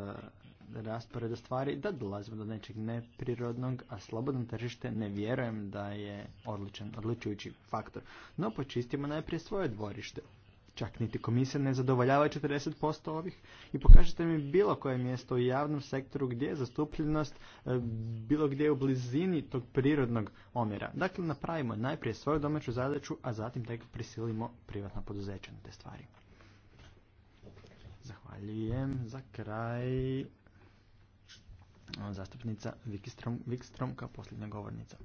rasporeda stvari, da dolazimo do nečeg neprirodnog, a slobodno tržište ne vjerujem da je odličan, odličujući faktor. No počistimo najprije svoje dvorište čak niti komisija ne zadovoljava 40% ovih i pokažite mi bilo koje mjesto u javnom sektoru gdje je zastupljenost e, bilo gdje u blizini tog prirodnog omjera. Dakle, napravimo najprije svoju domaću zadaću, a zatim tek prisilimo privatna poduzeća na te stvari. Zahvaljujem. Za kraj zastupnica Vikstrom, Vikstrom kao posljednja govornica.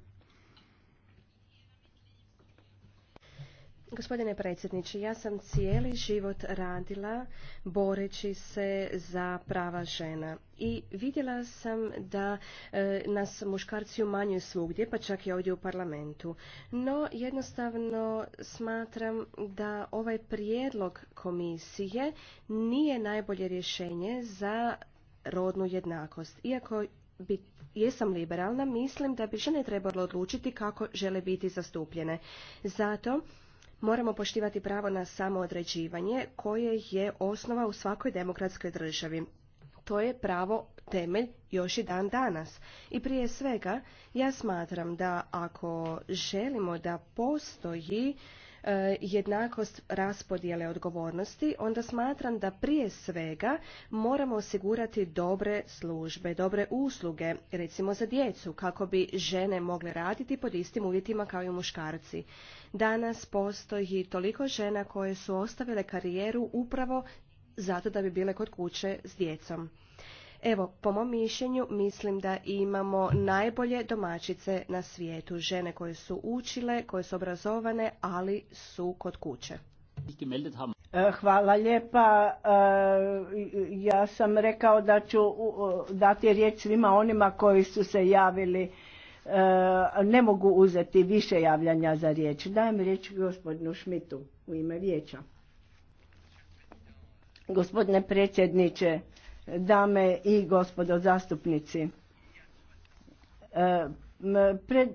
Gospodine predsjedniče, ja sam cijeli život radila boreći se za prava žena i vidjela sam da e, nas muškarci umanjuju svugdje, pa čak i ovdje u parlamentu. No, jednostavno smatram da ovaj prijedlog komisije nije najbolje rješenje za rodnu jednakost. Iako bi jesam liberalna, mislim da bi žene trebalo odlučiti kako žele biti zastupljene. Zato moramo poštivati pravo na samoodređivanje koje je osnova u svakoj demokratskoj državi. To je pravo temelj još i dan danas. I prije svega ja smatram da ako želimo da postoji E, jednakost raspodjele odgovornosti, onda smatram da prije svega moramo osigurati dobre službe, dobre usluge, recimo za djecu, kako bi žene mogle raditi pod istim uvjetima kao i muškarci. Danas postoji toliko žena koje su ostavile karijeru upravo zato da bi bile kod kuće s djecom. Evo, po mom mišljenju, mislim da imamo najbolje domaćice na svijetu. Žene koje su učile, koje su obrazovane, ali su kod kuće. E, hvala lijepa. E, ja sam rekao da ću dati riječ svima onima koji su se javili. E, ne mogu uzeti više javljanja za riječ. Dajem riječ gospodinu Šmitu u ime vijeća. Gospodine predsjedniče, dame i gospodo zastupnici. E, pred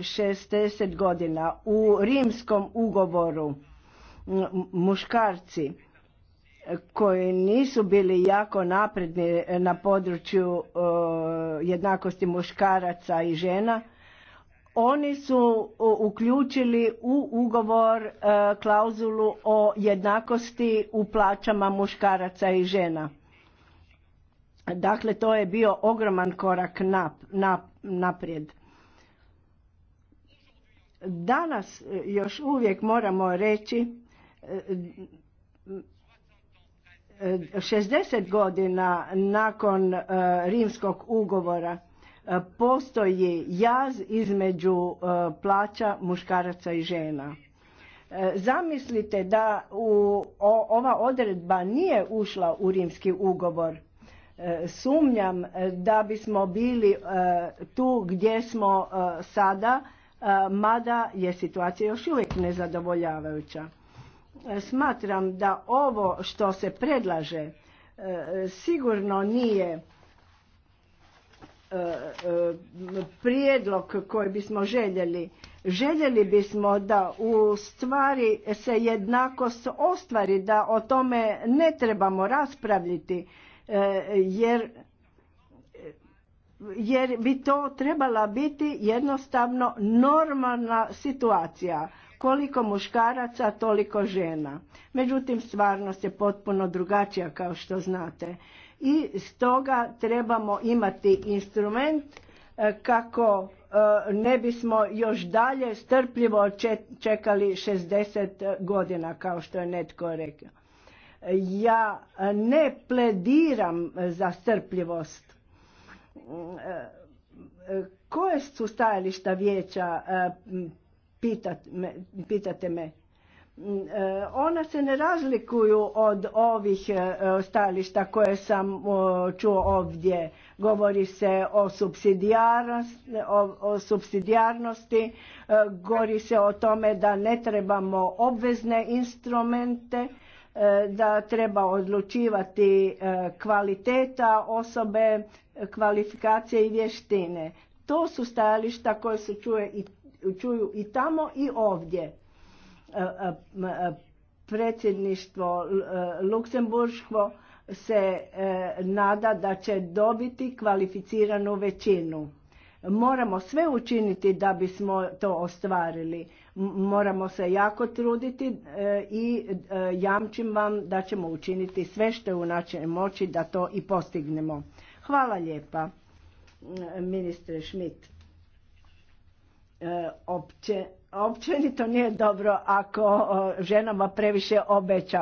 60 e, godina u rimskom ugovoru muškarci koji nisu bili jako napredni na području e, jednakosti muškaraca i žena, oni su uključili u ugovor klauzulu o jednakosti u plaćama muškaraca i žena Dakle, to je bio ogroman korak nap, naprijed. Danas e, još uvijek moramo reći 60 e, e, godina nakon rimskog ugovora postoji jaz između plaća muškaraca i žena. Zamislite da u, ova odredba nije ušla u rimski ugovor Sumnjam e, da bismo bili e, tu gdje smo e, sada, mada je situacija još uvijek nezadovoljavajuća. Smatram da ovo što se predlaže sigurno nije prijedlog koji bismo željeli. Željeli bismo da u stvari se jednakost ostvari, da o tome ne trebamo raspravljati, E, jer jer bi to trebala biti jednostavno normalna situacija. Koliko muškaraca, toliko žena. Međutim, stvarnost je potpuno drugačija kao što znate. I stoga trebamo imati instrument e, kako e, ne bismo još dalje strpljivo čekali 60 godina kao što je netko rekao. Ja ne plediram za strpljivost. Koje su stajališta vijeća, e, pitate me? E, ona se ne razlikuju od ovih e, stajališta koje sam čuo ovdje. Govori se o subsidijarnosti, o, govori se o tome da ne trebamo obvezne instrumente, E, da treba odlučivati e, kvaliteta osobe, kvalifikacije i vještine. To su stajališta koje se čuje i, čuju i tamo i ovdje. E, predsjedništvo Luksemburško se nada da će dobiti kvalificiranu većinu. Moramo sve učiniti da bismo to ostvarili Moramo se jako truditi e, i e, jamčim vam da ćemo učiniti sve što je u načinu moći da to i postignemo. Hvala lijepa, ministre Schmidt. E, općenito nije dobro ako ženama previše obeća.